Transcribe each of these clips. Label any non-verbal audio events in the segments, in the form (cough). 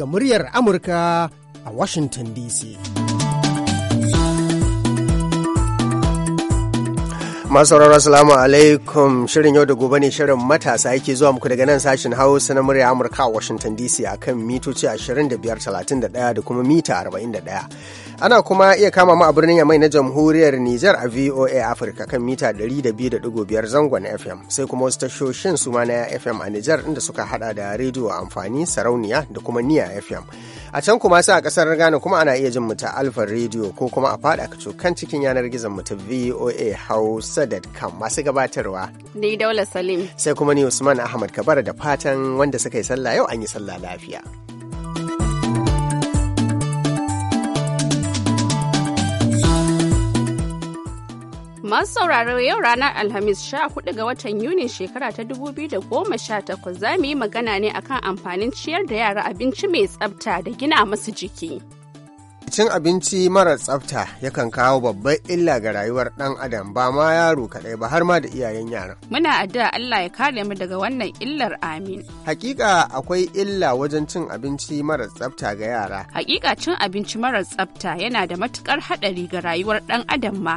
daga muryar Amurka a Washington DC. Masu sauraro alaikum shirin yau da gobe ne shirin matasa yake zuwa muku daga nan sashen Hausa na murya Amurka a Washington DC akan mitoci 25, 31 da kuma mita 41. Ana kuma iya kama mu a birnin Yamai na Jamhuriyar Nijar a VOA Africa kan mita 102.5 zangon FM sai kuma wasu tashoshin su ma na FM a Nijar inda suka hada da rediyo amfani sarauniya da kuma niya FM. A can kuma sai a kasar Ghana kuma ana iya jin mu ta Alfa rediyo, ko kuma a fada kan cikin yanar gizon mu ta VOA Hausa.com masu gabatarwa. Ni Daula Salim. Sai kuma ni Usman Ahmad Kabara da fatan wanda suka yi sallah yau an yi sallah lafiya. Masu sauraro yau ranar Alhamis 14 ga watan Yuni shekara ta 2018 za mu yi magana ne akan amfanin ciyar da yara abinci mai tsafta da gina masu jiki. Cin abinci mara tsafta yakan kawo babban illa ga rayuwar ɗan adam ba ma yaro kaɗai ba har ma da iyayen yaran. Muna addu'a Allah ya kare mu daga wannan illar amin. Hakika akwai illa wajen cin abinci mara tsafta ga yara. Hakika cin abinci mara tsafta yana da matukar haɗari ga rayuwar ɗan adam ma.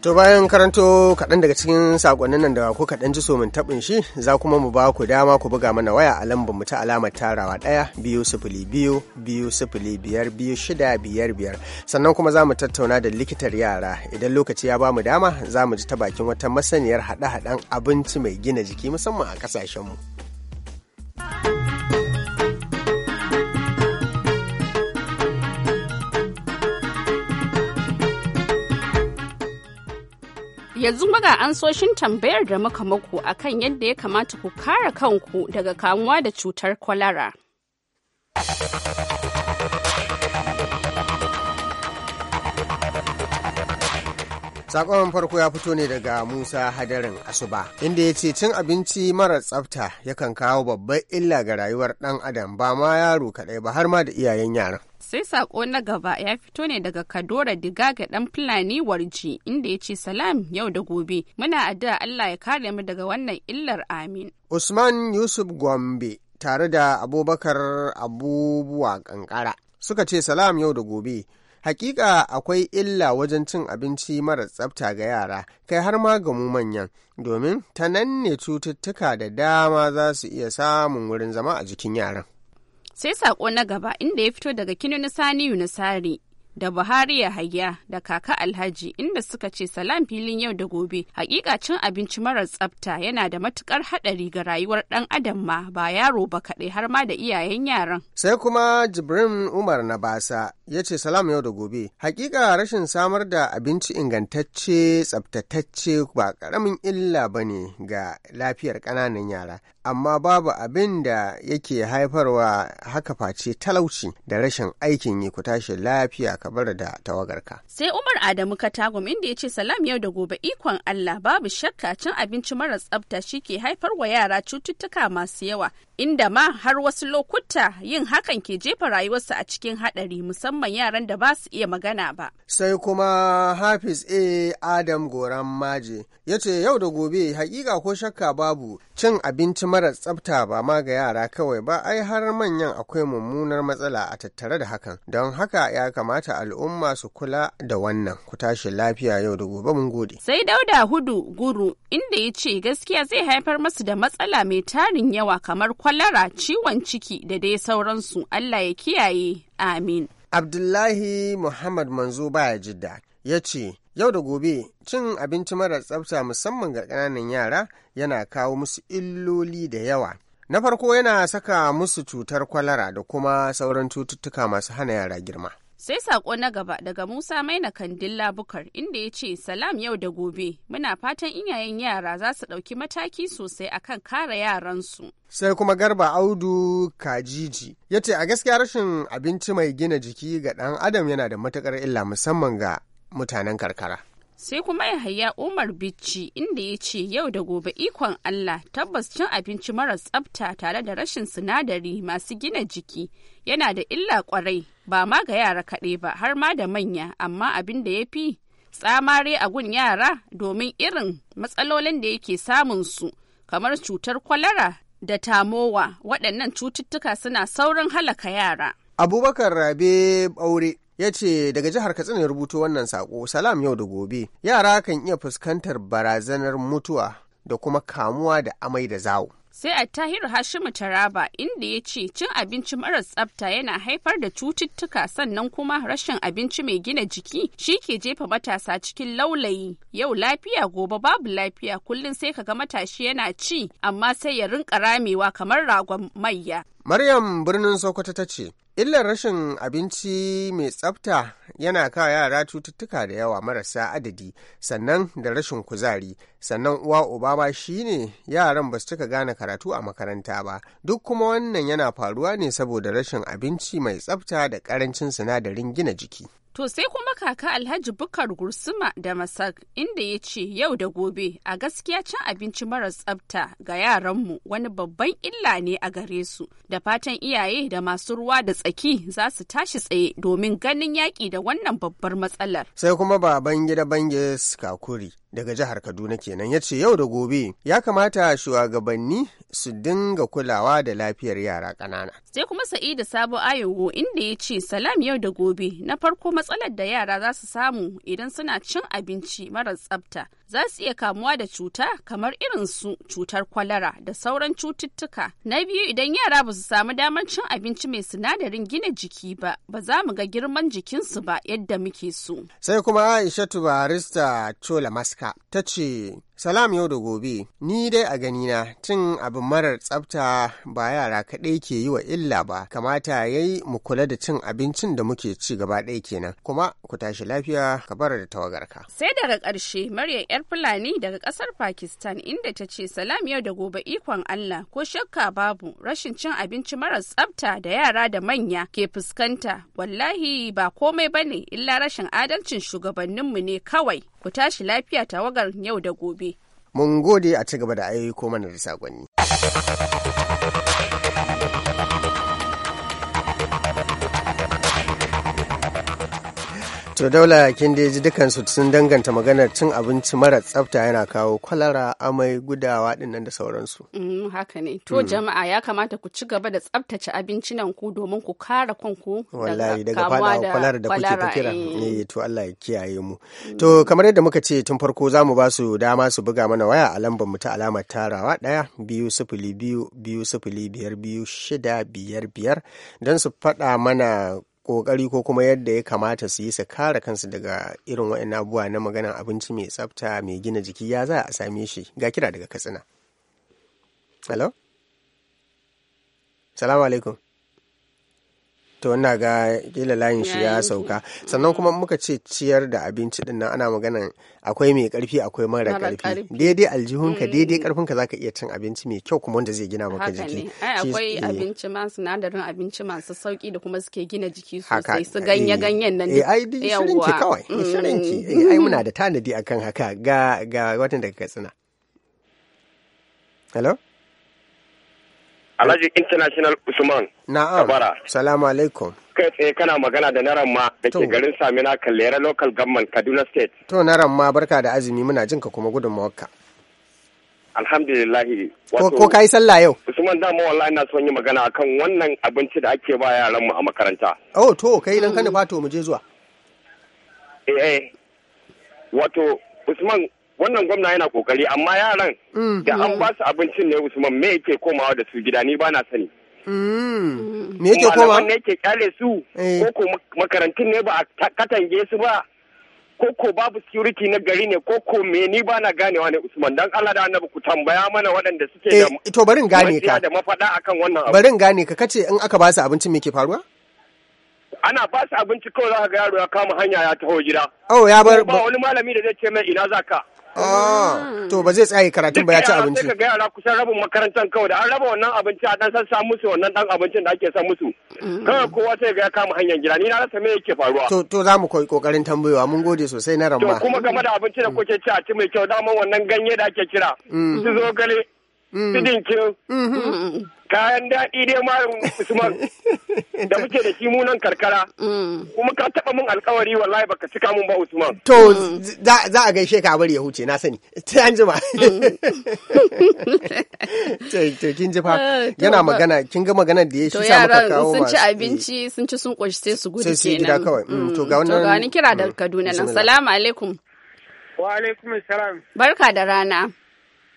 To bayan karanto kaɗan daga cikin saƙonnin nan da ko kaɗan ji somin taɓin shi za kuma mu ba ku dama ku buga mana waya a lambar mu ta alamar tarawa ɗaya biyu sifili biyu biyu sifili biyar biyu shida biyar biyar sannan kuma za mu tattauna da likitar yara idan lokaci ya ba mu dama za mu ji ta bakin wata masaniyar haɗe-haɗen abinci mai gina jiki musamman a ƙasashenmu. mu. yanzu maga an shin tambayar da muka muku akan yadda ya kamata ku kare kanku daga kamuwa da cutar kwalara. Sakon farko ya fito ne daga Musa Hadarin Asuba, inda ya ce cin abinci mara tsafta yakan kawo babbar illa ga rayuwar ɗan adam ba ma yaro kaɗai ba har ma da iyayen yaran. sai sako na gaba ya fito ne daga kadora diga ga dan fulani warji inda ya ce salam yau da gobe muna addu'a allah ya kare mu daga wannan illar amin usman yusuf gombe tare da abubakar abubuwa kankara suka ce salam yau da gobe hakika akwai illa wajen cin abinci mara tsabta ga yara kai har ma ga mu manyan domin ta nan ne cututtuka da dama za su iya samun wurin zama a jikin yaran Sai sako na gaba inda ya fito daga saniyu Sani Yunusari da Buhari ya hagiya da kaka Alhaji inda suka ce salam filin yau da gobe hakika cin abinci marar tsabta yana da matukar hadari ga rayuwar dan adam ma ba yaro ba kaɗai har ma da iyayen yaran. Sai kuma Jibrin Umar na basa ya ce salam yau da gobe. Hakika rashin samar da abinci ingantacce tsabtatacce ba karamin illa ba ne ga lafiyar ƙananan yara. Amma babu abin da yake haifarwa haka face talauci da rashin aikin yi ku tashi lafiya ka bar da tawagarka. Sai Umar Adamu Katagum inda ya ce salam yau da gobe ikon Allah babu shakka cin abinci mara tsabta shi ke haifar wa yara cututtuka masu yawa inda ma har wasu lokuta yin hakan ke jefa rayuwarsu a cikin haɗari musamman musamman yaran da ba su iya magana ba. Sai kuma Hafiz A. Adam Goran Maje ya ce yau da gobe hakika ko shakka babu cin abinci mara tsafta ba ma ga yara kawai ba ai har manyan akwai mummunar matsala a tattare da hakan don haka ya kamata al'umma su kula da wannan ku tashi lafiya yau da gobe mun gode. Sai Dauda Hudu Guru inda ya ce gaskiya zai haifar masu da matsala mai tarin yawa kamar kwalara ciwon ciki da dai sauransu Allah ya kiyaye amin. Abdullahi Muhammad Manzo baya jidda ya ce, Yau da gobe cin abinci mara tsafta musamman ga ƙananan yara yana kawo musu illoli da yawa. Na farko yana saka musu cutar kwalara da kuma sauran cututtuka masu hana yara girma. Sai sako na gaba daga Musa Maina Kandilla Bukar inda ya ce salam yau da gobe muna fatan iyayen yara za su ɗauki mataki sosai akan kare yaransu. Sai kuma garba Audu Kajiji ya ce a gaskiya rashin abinci mai gina jiki ga ɗan adam yana da matukar illa musamman ga mutanen karkara. sai kuma yahaya umar bicci inda ya ce yau da gobe ikon allah tabbas cin abinci mara tsabta tare da rashin sinadari masu gina jiki yana da illa kwarai ba ma ga yara kaɗai ba har ma da manya amma abin da ya fi tsamare a gun yara domin irin matsalolin da yake samun su kamar cutar kwalara da tamowa waɗannan cututtuka suna saurin halaka yara abubakar rabe aure ya ce daga jihar katsina ya rubuto wannan sako salam yau da gobe yara kan iya fuskantar barazanar mutuwa da kuma kamuwa da amai da zawo sai a tahiru hashimu taraba inda ya ce cin abinci maras tsafta yana haifar da cututtuka sannan kuma rashin abinci mai gina jiki shi ke jefa matasa cikin laulayi yau lafiya gobe babu lafiya kullum sai kaga matashi yana ci amma sai ya rinka ramewa kamar ragon mayya Maryam birnin Sokoto ta ce, Illar rashin abinci mai tsafta yana kawo yara cututtuka da yawa marasa adadi, sannan da rashin kuzari, sannan uwa uba ba shi ne yaran ba su cika gane karatu a makaranta ba, duk kuma wannan yana faruwa ne saboda rashin abinci mai tsafta da ƙarancin sinadarin gina jiki. To sai kuma kaka Alhaji Bukar Gursuma da Masak inda ya ce yau da gobe a gaskiya cin abinci marar tsabta ga yaranmu wani babban illa ne a gare su da fatan iyaye da masu ruwa da tsaki za su tashi tsaye domin ganin yaƙi da wannan babbar matsalar. Sai kuma baban gida Banges Kakuri daga jihar Kaduna kenan ya ce yau da gobe ya kamata shugabanni su dinga kulawa da lafiyar yara ƙanana. Sai kuma Sa'idu Sabo Ayogo inda ya ce salam yau da gobe na farko matsalar da yara za su samu idan suna cin abinci mara tsabta za su iya kamuwa da cuta kamar irin su cutar kwalara da sauran cututtuka. Na biyu idan yara ba su samu damar cin abinci mai sinadarin gina jiki ba ba za mu ga girman jikinsu ba yadda muke so. Sai kuma Aisha Barista Chola Maska ta ce Salam yau da gobe, ni dai a ganina tun abin marar tsabta ba yara kaɗai ke yi wa illa ba, kamata ya yi mu kula da cin abincin da muke ci gaba ɗaya kenan, kuma ku tashi lafiya ka bar da tawagarka. Sai daga ƙarshe Maryam ‘yar Fulani daga ƙasar Pakistan inda ta ce salam yau da gobe ikon Allah ko shakka babu rashin cin abinci marar tsabta da yara da manya ke fuskanta wallahi ba komai bane illa rashin adalcin shugabanninmu ne kawai. Ku tashi lafiya tawagar yau da gobe. Mun gode a ci gaba da aiko mana da saƙonni. to daula kin da ji dukansu sun danganta maganar cin abinci mara tsafta yana kawo kwalara amai gudawa dinnan da sauransu mm, haka ne to hmm. jama'a ya kamata ku ci gaba da tsaftace abinci nan ku domin ku kara kanku daga daga da kwalara da kuke ta ne eh. eh, to Allah ya kiyaye mu mm. to kamar yadda muka ce tun farko za mu ba su dama su buga mana waya a lambar mu ta alamar tarawa ɗaya biyu sifili biyu biyu sifili biyar biyu shida biyar biyar don su faɗa mana kokari ko kuma yadda ya kamata su yi su kare kansu daga irin wa'in abubuwa na maganan abinci mai tsafta mai gina jiki ya za a same shi ga kira daga katsina hello salamu alaikum to ina ga kila layin shi ya sauka sannan kuma muka ce ciyar da abinci din ana maganan akwai mai karfi akwai mara karfi daidai aljihunka mm. daidai karfinka zaka iya cin abinci mai kyau kuma wanda zai gina maka jiki akwai eh. abinci ma sinadarin abinci masu sauki da kuma suke gina jiki sosai su eh. ganye ganyen nan eh ai shirin ki kawai mm. shirin ki eh, ai muna da tanadi akan haka ga ga watan daga katsina hello Alhaji International Usman. Na'am. Kabara. Salamu alaikum. Kai tsaye kana magana da Naran ma da ke garin Samina Kallera Local Government Kaduna State. To Naran ma barka da azumi muna jinka kuma gudun gudunmawarka. Alhamdulillahi. Ko ka sallah yau? Usman dama wallahi ina son yi magana akan wannan abinci da ake ba yaran mu a makaranta. Oh to kai ka nufa to mu je zuwa. Eh eh. Wato Usman wannan gwamna yana kokari amma yaran mm. da an mm. ba su abincin ne Usman me yake komawa da su gida ni ba na sani mm. me yake komawa ne yake kyale su eh. ko ko makarantun ne ba a katange su ba koko babu security na gari ne koko me ni ba na ganewa ne Usman dan Allah da Annabi ku tambaya mana waɗanda suke da eh, to barin gane ka da mafada akan wannan abu barin gane ka kace in aka ba su abinci me ke faruwa ana ba su abinci kawai ka ga yaro ya kama hanya ya taho gida oh ya bar ba wani malami da zai ce mai ina za ka? Ah, to ba zai tsaye karatun ba ya ci abinci. Duka yara kusan rabin makarantar kawai da an raba wannan abinci a dan sassa musu wannan dan abincin da ake sa musu. Kawai kowa sai ga ya kama hanyar gida ni na rasa me yake faruwa. To to za mu koyi kokarin tambayowa mun gode sosai na ramba. To kuma game da abinci da kuke ci a ci mai kyau daman wannan ganye da ake kira. Mm. Su zo gale su mm. mm-hmm. kayan daɗi dai malam usman da muke da kimunan karkara mm. kuma ka taɓa mun alkawari wallahi baka cika mun ba usman to mm. za a gaishe ka bari ya huce na sani (laughs) ta yan jima (laughs) to kin ji fa ah, yana magana kin ga maganar da ya shi sa muka kawo sun ci abinci sun ci sun koshi sai su gudu kenan sai su gida kawai to ga wannan to ga wani kira daga Kaduna nan salamu alaikum wa alaikum salam barka da rana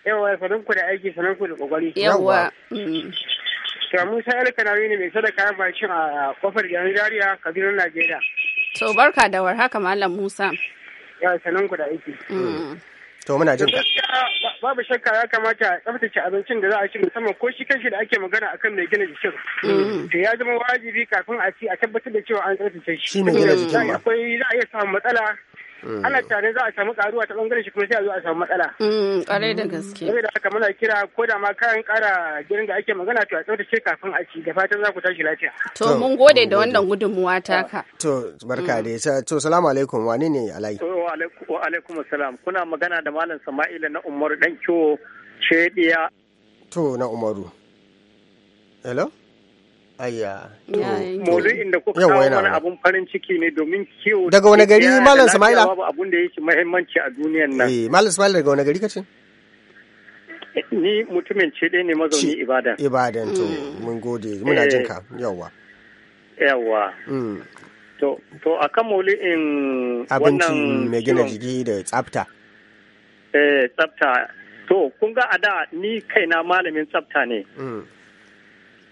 yawa sanin ku da aiki sanin ku da kokari yawa mm. to alka na ne mai sadaka bashi a kofar gidan jariya kabilan najeriya to barka da war haka malam musa ya sanin ku da aiki mm. to muna jin ka babu shakka ya kamata a tsaftace abincin da za a ci musamman ko shi kanshi da ake magana akan mai gina jikin mm. to ya zama wajibi kafin a ci a tabbatar da cewa an tsaftace shi shi mai gina jikin akwai za a iya samun matsala Mm. ana tare za a samu karuwa ta bangaren shi kuma sai a zo a samu matsala. Mm, Kare da gaske. Saboda haka muna kira ko da ma kayan kara girin da ake magana to a tsaftace kafin a ci da fatan za ku tashi lafiya. To mun gode da wannan gudunmuwa taka. To barka dai to salamu alaikum wane ne alayi. Wa alaikum salam kuna magana da malam Sama'ila na Umaru dan kiwo ce To na Umaru. Hello? Aya. Maudu'in inda kuka kawo wani abun farin ciki ne domin kiwo. Daga wani gari Malam Sama'ila? Babu abun da yake muhimmanci a duniyan nan. Eh, Malam Sama'ila daga wani gari kace? Ni mutumin ce ɗaya ne mazauni Ibadan. Ibadan to mm. mun gode muna eh. jin ka yawwa. Yawwa. Mm. To to akan in. wannan abinci mai gina jiki da tsafta. Eh, tsafta. To kun ga a da ni kaina malamin tsafta ne. Mm.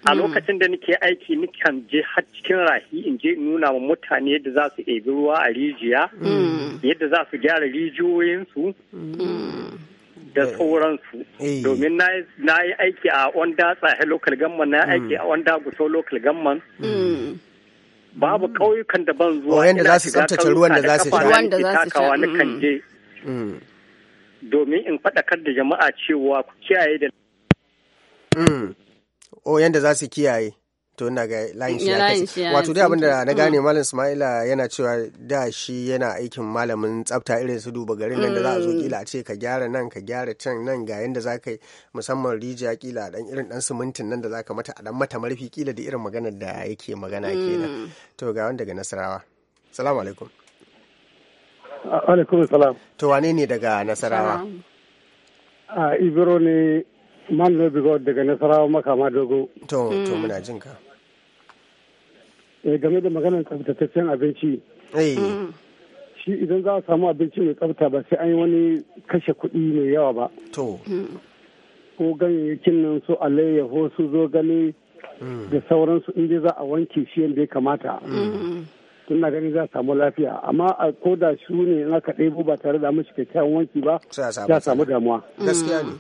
a hmm. lokacin da nake aiki nikan je har cikin rahi in je nuna wa mutane yadda za su ebi ruwa a rijiya hmm. yadda za su gyara rijiyoyinsu hmm. da sauransu domin na yi aiki a wanda tsahe local gamman na yi aiki a wanda guso local gamman babu ƙauyukan da ban zuwa yadda za su tsabtace ruwan da za su sha ruwan da za su sha kan je domin in faɗakar da jama'a cewa ku kiyaye da o oh, yanda za su kiyaye to ina ga layin shi ya wato dai abinda na gane mm. malam Ismaila yana cewa da shi yana aikin malamin tsafta irin su duba garin nan da za a zo mm. kila a ce ka gyara nan ka gyara can nan ga yanda za ka yi musamman rijiya kila dan irin dan simintin nan da za ka mata a dan mata marfi kila da irin maganar da yake magana kenan mm. to ga wanda daga Nasarawa salamu alaikum alaikum salam to wane ne daga Nasarawa a Ibro ne Mallo Bigo daga Nasarawa Makama Dogo. To, to hmm. muna jin ka. Eh game da maganar tsabtataccen abinci. Eh. Hmm. Shi idan za a samu abinci mai tsabta ba sai an yi wani kashe kuɗi mai yawa ba. To. Hmm. Ko ganyayyakin nan su alayyaho su zogale da sauransu in dai za a wanke shi yadda ya kamata. suna gani za a samu lafiya amma a koda su ne in aka ɗebo ba tare da mashi kyakkyawan wanki ba ya samu damuwa gaskiya ne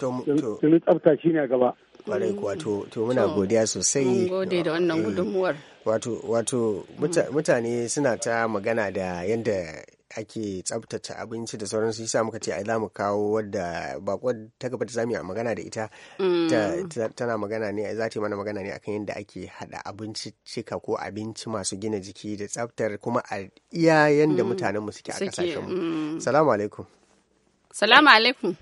domin tsafta shi ne gaba kwarai kuwa to muna godiya sosai gode da wannan eh, gudunmuwar wato mutane suna ta magana da yadda ake tsabtace abinci da sauransu yasa muka ce ai za mu kawo wadda bakon ta gaba ta zami yi magana da ita mm. tana magana ne za ta mana magana ne akan yadda ake hada abinci cika ko abinci masu gina jiki da tsabtar kuma a iya yadda mm. mutanen mu suke a kasashen mu mm. salamu alaikum salamu alaikum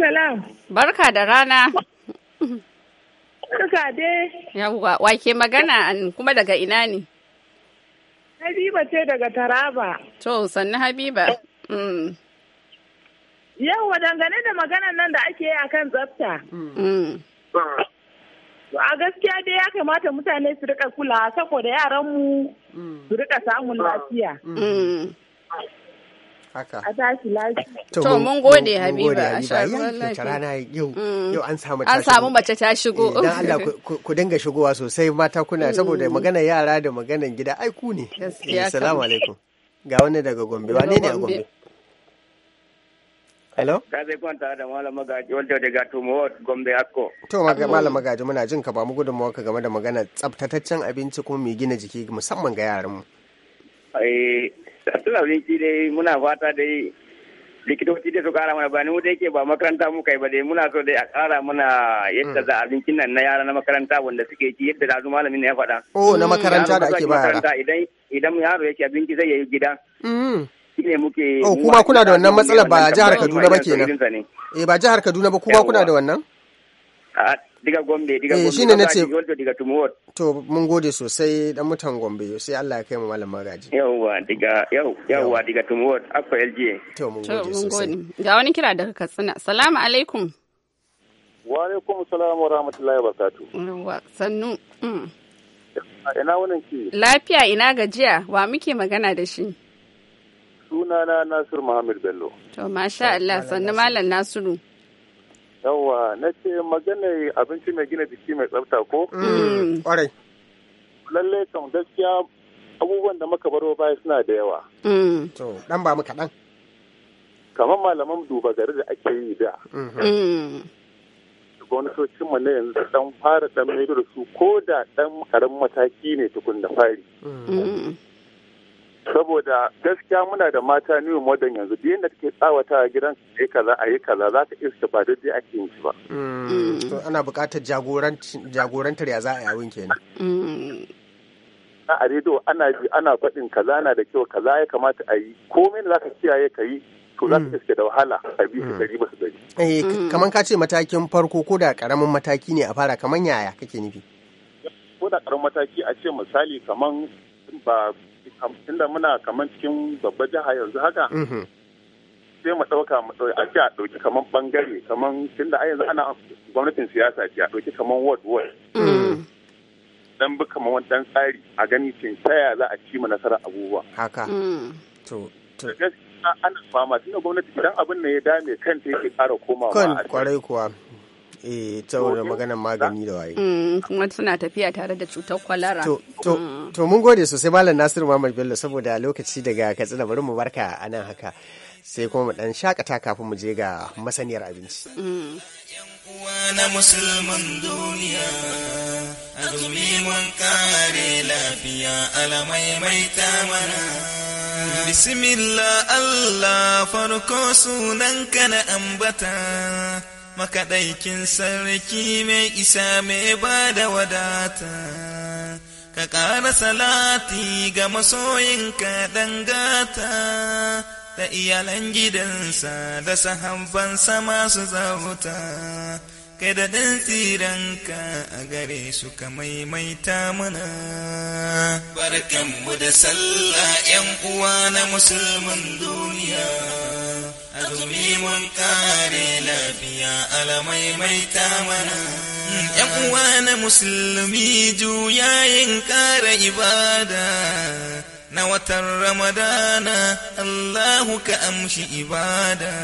salam. Barka da rana. Barka dai. Yawwa, wake magana kuma daga ina ne? Habiba ce daga Taraba. To, sannu Habiba. Mm. Yawwa dangane da maganan nan da ake yi a kan tsafta. Mm. A gaskiya dai ya kamata mutane su rika kulawa saboda yaranmu mm. su rika samun lafiya. haka a tashi lafiya to mun gode habiba a sha ruwan lafiya rana yau mm. yau an samu an samu mace ta shigo eh, dan Allah (laughs) ku dinga shigowa sosai mata kuna mm. saboda magana yara da magana gida ai ku ne assalamu eh, alaikum ga wani daga Gombe wane ne a Gombe Hello? Ka zai kwanta da Malam Magaji wanda daga Tumawar Gombe Akko. To Malam Magaji muna jin ka ba mu gudunmawa ka game da magana tsabtataccen abinci kuma mai gina jiki musamman ga yaran mu. Eh karatun abinci dai muna fata dai likitoci da su kara mana ba ni dai ke ba makaranta mu kai ba dai muna so dai a kara mana yadda hmm. za abincin nan na yara na makaranta wanda suke ci yadda da malamin ya faɗa. Oh na hmm, makaranta da ake ba yara. Idan idan yaro yake abinci zai yi gida. Hmm. Shine muke. Oh kuma kuna da wannan matsalar ba jihar Kaduna ba kenan. Eh ba jihar Kaduna ba kuma kuna da wannan? diga gombe diga eh, gombe shine nace diga tumuwot to mun gode sosai dan mutan gombe sai Allah ya kai mu malam magaji yawwa diga yau yawwa diga tumuwot akwa lg to mun gode sosai ga wani kira daga Katsina salamu alaikum wa alaikum salam wa rahmatullahi wa barakatuh yawwa sannu mm. ina wannan ki lafiya ina gajiya wa muke magana da shi sunana Nasiru Muhammad Bello to masha Allah sannu malam Nasiru yawa na ce maganar abinci mai gina jiki mai tsafta ko? Mm, mm, kwarai lalle kan gaskiya abubuwan da muka baro baya suna da yawa mm. to dan ba mu dan kamar malaman duba gari da ake yi da mm-hmm. gwamnatocin mu na yanzu dan fara dan mai su ko da dan karamin mataki ne tukun da fari saboda gaskiya muna da mata new modern yanzu duk yadda take tsawata a gidan su kaza a yi kaza za ka iska ba daidai ake yin shi ba. Mm. to ana buƙatar jagorantar ya za a yawon kenan. Mm. a rediyo ana ji ana faɗin kaza na da kyau kaza ya kamata a yi komai za ka kiyaye ka yi to za ka mm. iske da wahala a bi eh kaman ka ce matakin farko ko da karamin mataki ne a fara kaman yaya kake nufi. ko da karamin mataki a ce misali kaman ba tunda muna kamar cikin babban jiha yanzu haka mhm. sai mu ɗauka mu ɗauki a ce a ɗauki kamar ɓangare kamar tunda a yanzu ana gwamnatin siyasa ce a ɗauki kamar ward ward mhm. dan bi kamar wani dan tsari a gani cin taya za a ci mu nasara abubuwa haka mm. to ana fama tunda gwamnati idan abin ne ya dame kanta yake ƙara komawa kwarai kuwa Eh, saboda magana magani da waye mm, kuma suna tafiya tare da cutar kwalara mm. to mun gode sosai malam nasiru muhammad bello saboda lokaci daga katsina bari mu barka a nan haka sai kuma mu dan shakata kafin mu je ga masaniyar abinci mm. na musulman duniya azumi mun kare lafiya alamai mai mana Bismillah Allah farko sunanka na ambata makaɗaikin sarki mai isa mai ba da wadata ka ƙara salati ga masoyinka ɗan gata da iyalan gidansa da sama masu zauta kada dan tsiranka a gare su ka maimaita mana Barkan mu da sallah yan uwa na musulman duniya azumi mun kare lafiya ala maimaita mana yan uwa na musulmi juyayin kara ibada na watan ramadana allahu ka amshi ibada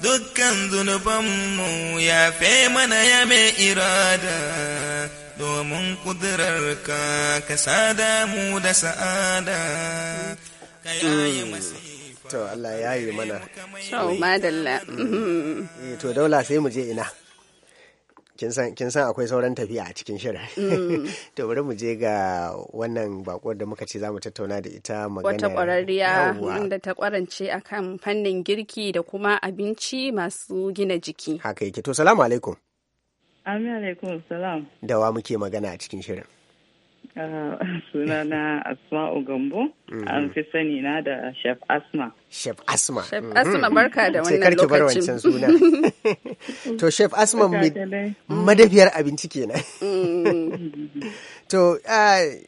dukkan zunubanmu ya fe mana ya mai irada domin kudurarka ka sada mu da sa'ada ka yaye hmm. masifa to Allah ya yi mana to madalla hmm. eh, to daula sai mu je ina kin san akwai sauran tafiya a cikin shirin mm. (laughs) to bari mu je ga wannan bakuwar da muka ce za mu tattauna da ita magana wata kwararriya da ta kwarance akan fannin girki da kuma abinci masu gina jiki haka yake to salamu alaikum amin alaikum salam da wa muke magana a cikin shirin Eh, (laughs) suna na asma'u gambo mhm. an fi sani na da chef asma chef asma chef asma mhm. barka da wannan lokacin bar wancan suna (laughs) to chef asma (laughs) madafiyar abinci kenan mm. to eh,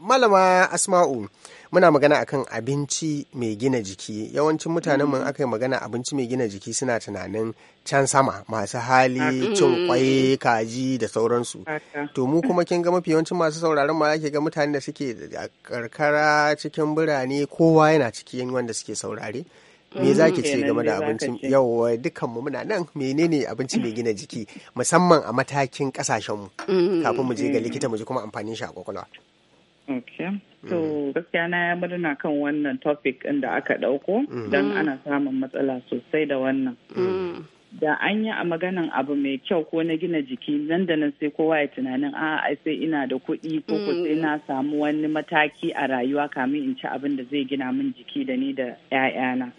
malama asma'u muna magana akan abinci mai gina jiki yawancin mutanen mun mm. aka yi magana abinci mai gina jiki suna tunanin can sama masu hali ah, mm. cin kwaye kaji da sauransu to mu kuma kin ga mafi yawancin masu sauraron ma yake ga mutane da suke a karkara cikin birane kowa yana cikin wanda suke saurare me za ki mm, ce game da abincin yau mu muna nan menene abinci mai gina jiki musamman a matakin kasashenmu kafin mu je ga likita mu ji kuma amfanin shi a kwakwalwa Okay. So mm. gaskiya na ya murna kan wannan topic ɗin da aka dauko. Mm. don mm. ana samun matsala sosai da wannan. Da an yi a maganan abu mai kyau ko na gina jiki nan da nan sai kowa ya tunanin a sai ina da kuɗi ko ko sai na samu wani mataki a rayuwa kamin in ci abin da zai gina min jiki da ni da 'ya'yana.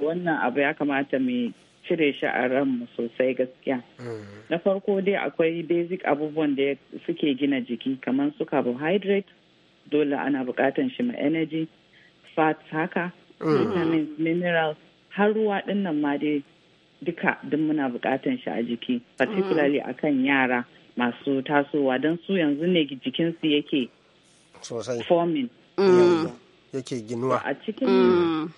Wannan abu ya kamata mai cire shi a ranmu sosai gaskiya. Na farko dai akwai basic abubuwan da suke gina jiki kamar su carbohydrate, dole ana bukatan shi ma energy fats haka mm. vitamins minerals har ruwa din nan ma dai duka duk muna bukatan shi a jiki particularly mm. kan yara masu tasowa don su yanzu ne jikinsu yake forming mm. yake ginuwa a cikin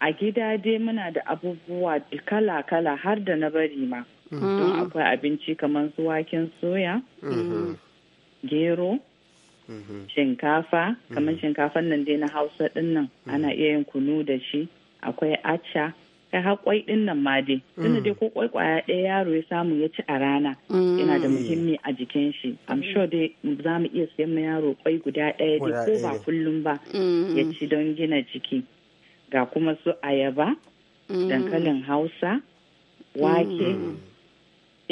a gida dai muna da abubuwa kala-kala har da na bari ma don akwai abinci kamar su waken soya mm-hmm. gero Mhm. shinkafa kamar mhm. shinkafan nan dai na hausa din nan ana mhm. iya yin kunu da shi akwai acha kai har kwai din nan ma dai tunda dai mm. ko kwai kwaya ɗaya yaro ya samu ya ci a rana yana da mm. muhimmi a jikin shi am sure dai za mu iya sayan ma yaro kwai guda ɗaya dai ko ba kullum ba mm. ya ci don gina jiki ga kuma su ayaba dankalin hausa wake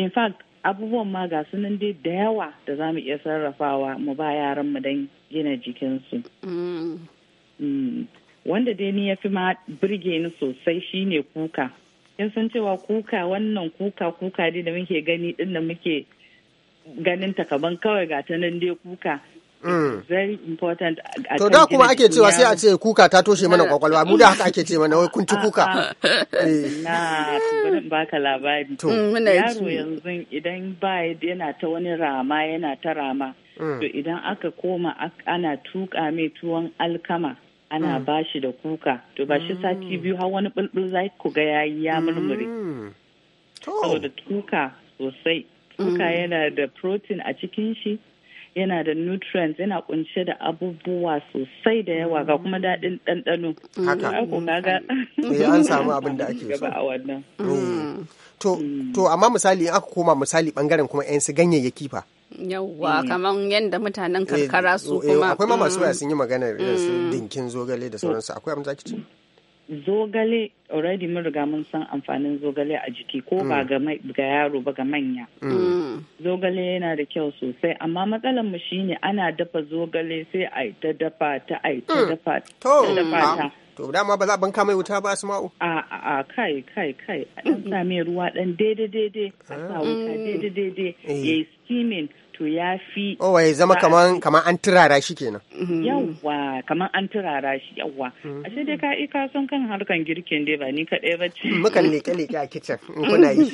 in fact abubuwan ma ga su dai da yawa da za mu iya sarrafawa mu ba yaran mu dan gina jikinsu. Mm. Mm. Wanda dai ni ya fi ma birge ni sosai shine kuka. Kin san cewa kuka wannan kuka kuka dai da muke gani din da muke ganin ta kaban kawai ga ta nan dai kuka. Mm. important to da kuma ake cewa sai a ce kuka ta toshe mana kwakwalwa mu da haka ake ce mana wai kun ci ah, kuka ah, ah. Eh. na ba baka labari mm, yaro yanzu idan ba yana ta wani rama yana ta rama mm. to idan aka koma ana tuka mai tuwon alkama ana ba shi da kuka to ba shi sati biyu har wani bulbul za ku ga yayi ya murmure saboda tuka sosai kuka yana da protein a cikin shi yana da nutrients yana kunshe da abubuwa sosai da yawa ga kuma daɗin ɗanɗano. Haka. Eh, an samu abin da ake so. Mm. Mm. To, amma misali aka koma misali bangaren kuma 'yan su ganyayyaki fa. yawwa mm. kamar yadda mutanen karkara su eh, eh, kuma akwai ma masu sun yi maganar da su dinkin zogale da sauransu akwai abin zaki ci zogale already mun riga mun san amfanin zogale a jiki ko ba mm. ga yaro ba ga manya mm. zogale yana da kyau sosai amma matsalar mu shine ana dafa zogale sai a ta dafa ta a mm. ta dafa ta to dama ba za banka mai wuta ba su ma'u a a kai kai kai a dan sa mai ruwa dan daidai daidai a sa ah. wuta daidai daidai yi steaming to ya fi oh ya zama kaman an turara shi kenan mhm. yawwa kaman an turara shi yawwa mhm. a sai dai ka yi eh, kasan kan harkan girkin dai ba ni kaɗai ba ce mukan leke leke a kicin in kuna yi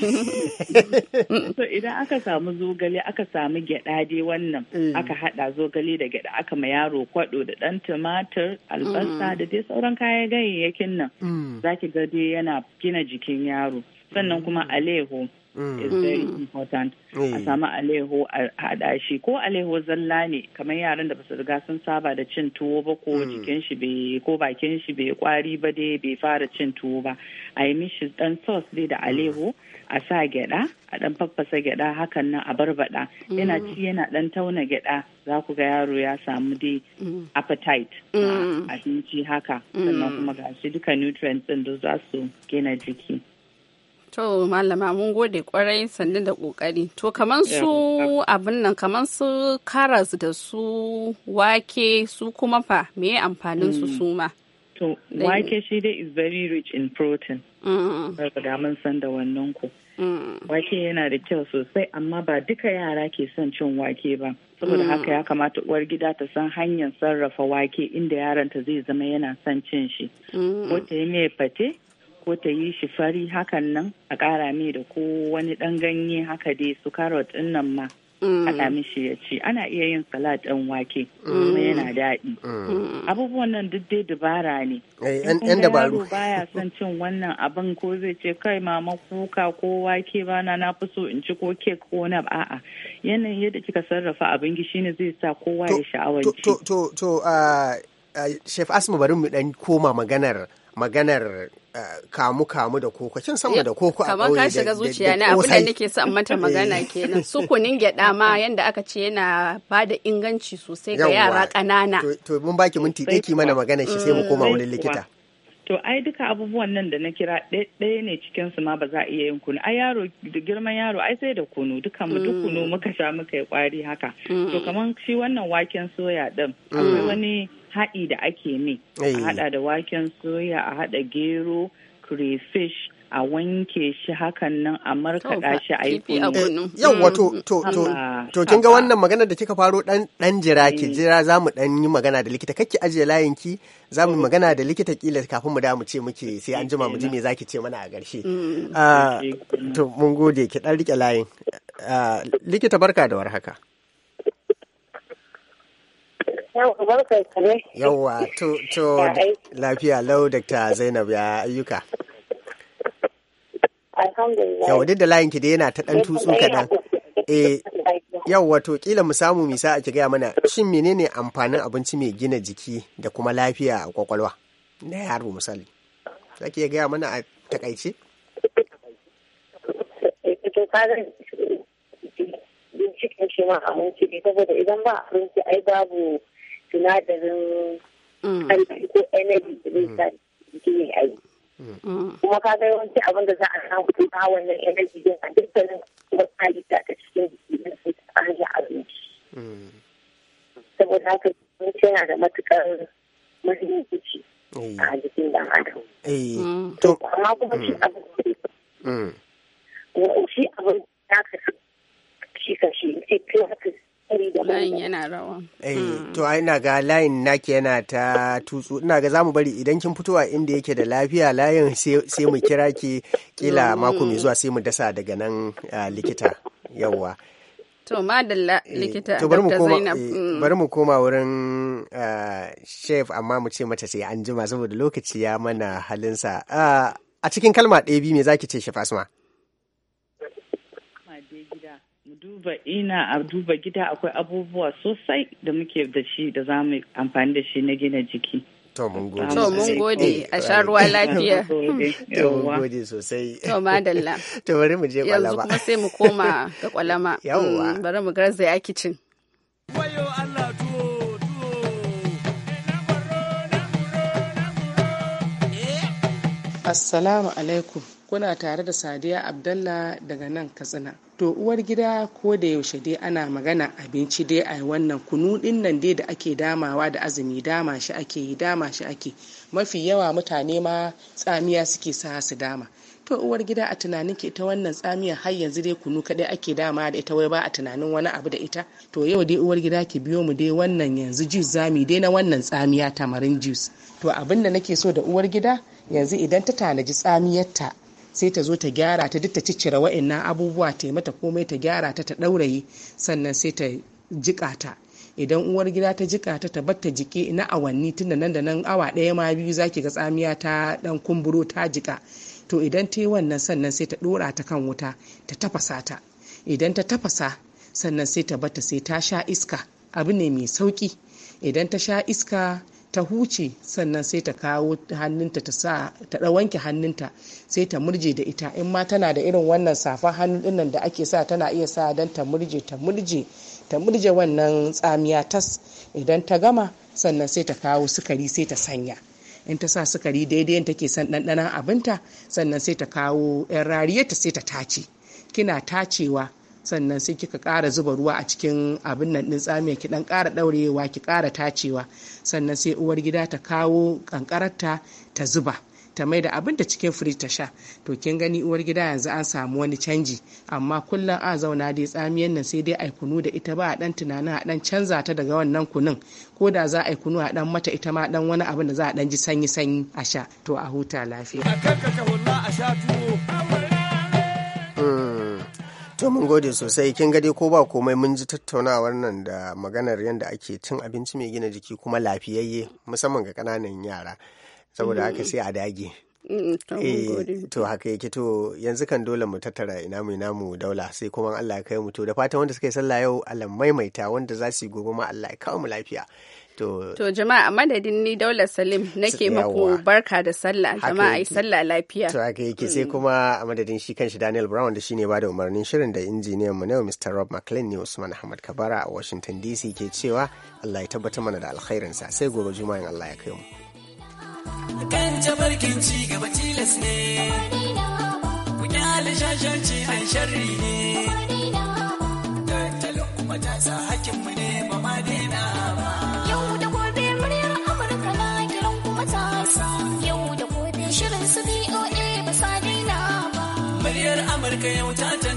(laughs) so idan aka samu zogale aka samu gyaɗa dai wannan eh. aka haɗa zogale da gyaɗa aka ma yaro kwaɗo da ɗan tumatir albasa mm. da dai sauran kayan ganyayyakin nan mm. zaki ga dai yana gina jikin yaro sannan kuma aleho Mm. is very mm. important a mm. samu aleho a hada shi ko aleho zalla ne kamar yaran da basu riga sun saba da cin tuwo ba ko jikin shi bai ko bakin shi bai kwari ba dai bai fara cin tuwo ba a yi mishi dan sauce dai da aleho a sa gyada a dan faffasa gyada hakan nan a barbada yana ci yana dan tauna gyada za ku ga yaro ya samu dai appetite abinci haka sannan kuma ga shi duka nutrients din da za su gina jiki To malama mun gode kwarai sannu da kokari. To kaman su abin nan kaman su karas da su wake su kuma fa me amfanin su mm. su ma. To wake shi dai is very rich in protein. Saboda mm. mun san da wannan ku. Mm. Wake yana da kyau sosai amma ba duka yara ke son cin wake ba. Saboda haka ya kamata uwar gida ta san hanyar sarrafa wake inda yaranta zai zama yana son cin shi. Wata yi mai fate ko ta yi shi fari hakan nan a kara mai da ko wani ɗan ganye haka dai su karot din nan ma mm. haɗa mishi ya ci ana iya yin salat ɗin wake mm. kuma yana daɗi mm. abubuwan nan duk dai dabara ne eh, yan dabaru baya son cin wannan abin ko zai ce kai mama kuka ko wake bana na fi so in ci ko kek ko na a'a yanayin yadda kika sarrafa abin gishi zai sa kowa ya sha'awar ci to to to ah, ah, chef asma bari mu dan koma maganar maganar eh, kamu kamu da koko kin sama da koko a kauye ka shiga zuciya na abin da nake son mata magana eh. kenan su kunin gyada ma yanda aka ce yana bada inganci sosai ga yara kanana to mun baki minti ɗaya ki mana magana shi sai mu koma wurin likita to ai duka abubuwan nan da na kira ɗaya ne cikin su ma ba za a iya yin kunu ai yaro da girman yaro ai sai da kunu duka mu duk mm. kunu muka sha muka yi kwari haka mm. to kamar shi wannan waken soya din akwai mm. wani haɗi da ake ne a haɗa da waken soya a haɗa gero crayfish a wanke shi hakan nan a markaɗa shi a yi eh, yau wato to to to kin ga wannan magana da kika faro dan dan jira ki eh. jira za mu dan yi magana da likita kake ajiye layin ki za mu eh. magana da likita kila kafin mu da mu ce muke sai an jima mu ji me zaki ce mana a ƙarshe mm. ah, to mun gode ki dan rike layin ah, likita barka da warhaka Yawwa, to, to, lafiya lau, Dr. Zainab ya ayyuka. Yau duk da layin ki da yana ta ɗan tutsu kaɗan. Eh yau wato kila mu samu misa a gaya mana shin menene amfanin abinci mai gina jiki da kuma lafiya a kwakwalwa na yaro misali za ki gaya mana a takaice binciken idan ba abinci ai babu sinadarin ƙarfi mm. ko energy da sa aiki kuma ka ga yawanci abin da za a samu ta ba wannan energy din a dukkanin wata halitta ta cikin jiki na su ta hanyar abinci saboda haka abinci yana da matukar mahimmanci a jikin dan adam eh. mm. to amma kuma shi mm. abin mm. kuma shi abin ya kasu shi kashi ce. kai Eh, hmm. to ai ga layin naki yana ta tutsu ina ga zamu bari idan kin fito a inda yake da lafiya layin sai mu kira ki kila hmm. mako mai zuwa sai mu dasa daga nan ah, likita yawwa To madalla eh, likita to bari mu koma eh, hmm. bari mu koma wurin ah, chef amma mu ce mata sai an jima saboda lokaci ya mana halinsa ah, a cikin kalma ɗaya biyu me zaki ce chef Asma duba ina a duba gida akwai abubuwa sosai da muke da shi da za mu amfani da shi na gina jiki. To mun gode. To mun gode a sha ruwa lafiya. (laughs) To mun gode sosai. To madalla. (laughs) To bari mu je kwalama. Yanzu kuma sai mu koma ga kwalama. (laughs) Yawwa. Mm, bari mu garzaya kicin. Wayo Allah eh. Assalamu alaikum. kuna tare da sadiya abdallah daga nan katsina to uwar gida ko da yaushe dai ana magana abinci dai a wannan kunu din nan dai da ake damawa da azumi dama shi ake yi dama shi ake mafi yawa mutane ma tsamiya suke sa su dama to uwar gida a tunanin ke ita wannan tsamiya har yanzu dai kunu kadai ake dama da ita wai ba a tunanin wani abu da ita to yau dai uwar gida ki biyo mu dai wannan yanzu juice zami dai na wannan tsamiya tamarin juice to abin da nake so da uwar gida yanzu idan ta tanaji tsamiyarta sai ta zo ta gyara ta duk ta ciccire wa'annan abubuwa ta mata komai ta gyara ta ta ɗauraye sannan sai ta jiƙa ta idan uwar gida ta jika ta batta jike na awanni tunda nan da nan awa ɗaya ma biyu zaki ga tsamiya ta ɗan kumburo ta jika to idan ta yi wannan sannan sai ta ɗora ta kan wuta ta tafasa ta idan ta tafasa sannan sai ta bata sai ta sha iska abu ne mai sauki idan ta sha iska ta huce sannan sai ta kawo hannunta ta sa ta wanke hannunta sai ta murje da ita in ma tana da irin wannan safar hannu dinnan da ake sa tana iya sa dan ta murje ta murje ta murje wannan tsamiya tas idan ta gama sannan sai ta kawo sukari sai ta sanya in ta sa sukari daidai take son ɗanɗanon abinta sannan sai ta kawo 'yan rariyarta sai ta tace kina tacewa sannan sai kika kara zuba ruwa a cikin abin nan ɗin tsamiya ki ɗan kara ɗaurewa ki kara tacewa sannan sai uwar gida ta kawo ƙanƙararta ta zuba ta mai da abin da cikin firij ta sha to kin gani uwar gida yanzu an samu wani canji amma kullum a zauna dai tsamiyar nan sai dai ai kunu da ita ba a dan tunanin a dan canza ta daga wannan kunun ko da za a kunu a dan mata ita ma dan wani abin da za a dan ji sanyi sanyi a sha to a huta lafiya a To mun gode sosai kin gadi ko ba komai mun ji tattaunawar nan da maganar yadda ake cin abinci mai gina jiki kuma lafiyayye musamman ga kananan yara saboda haka sai a dage. Eh, to haka yake to yanzu kan dole mu tattara ina mu ina mu daula sai kuma Allah ya kai mu to da fatan wanda suka yi sallah yau Allah maimaita wanda za su yi gobe ma Allah ya kawo mu lafiya To, jama'a madadin ni Daula Salim nake muku barka da sallah jama'a yi sallah lafiya. To haka yake sai mm. kuma a madadin shi kanshi Daniel Brown da shine bada umarnin shirin da injiniyan mu yau Mr. Rob McLean ne Usman Ahmad Kabara a Washington DC ke cewa Allah ya tabbatar mana da alkhairin sa sai gobe juma'in Allah ya kai mu. Kan jabarkin ci ta sa mu ne ba ma daina ba. ka yau ta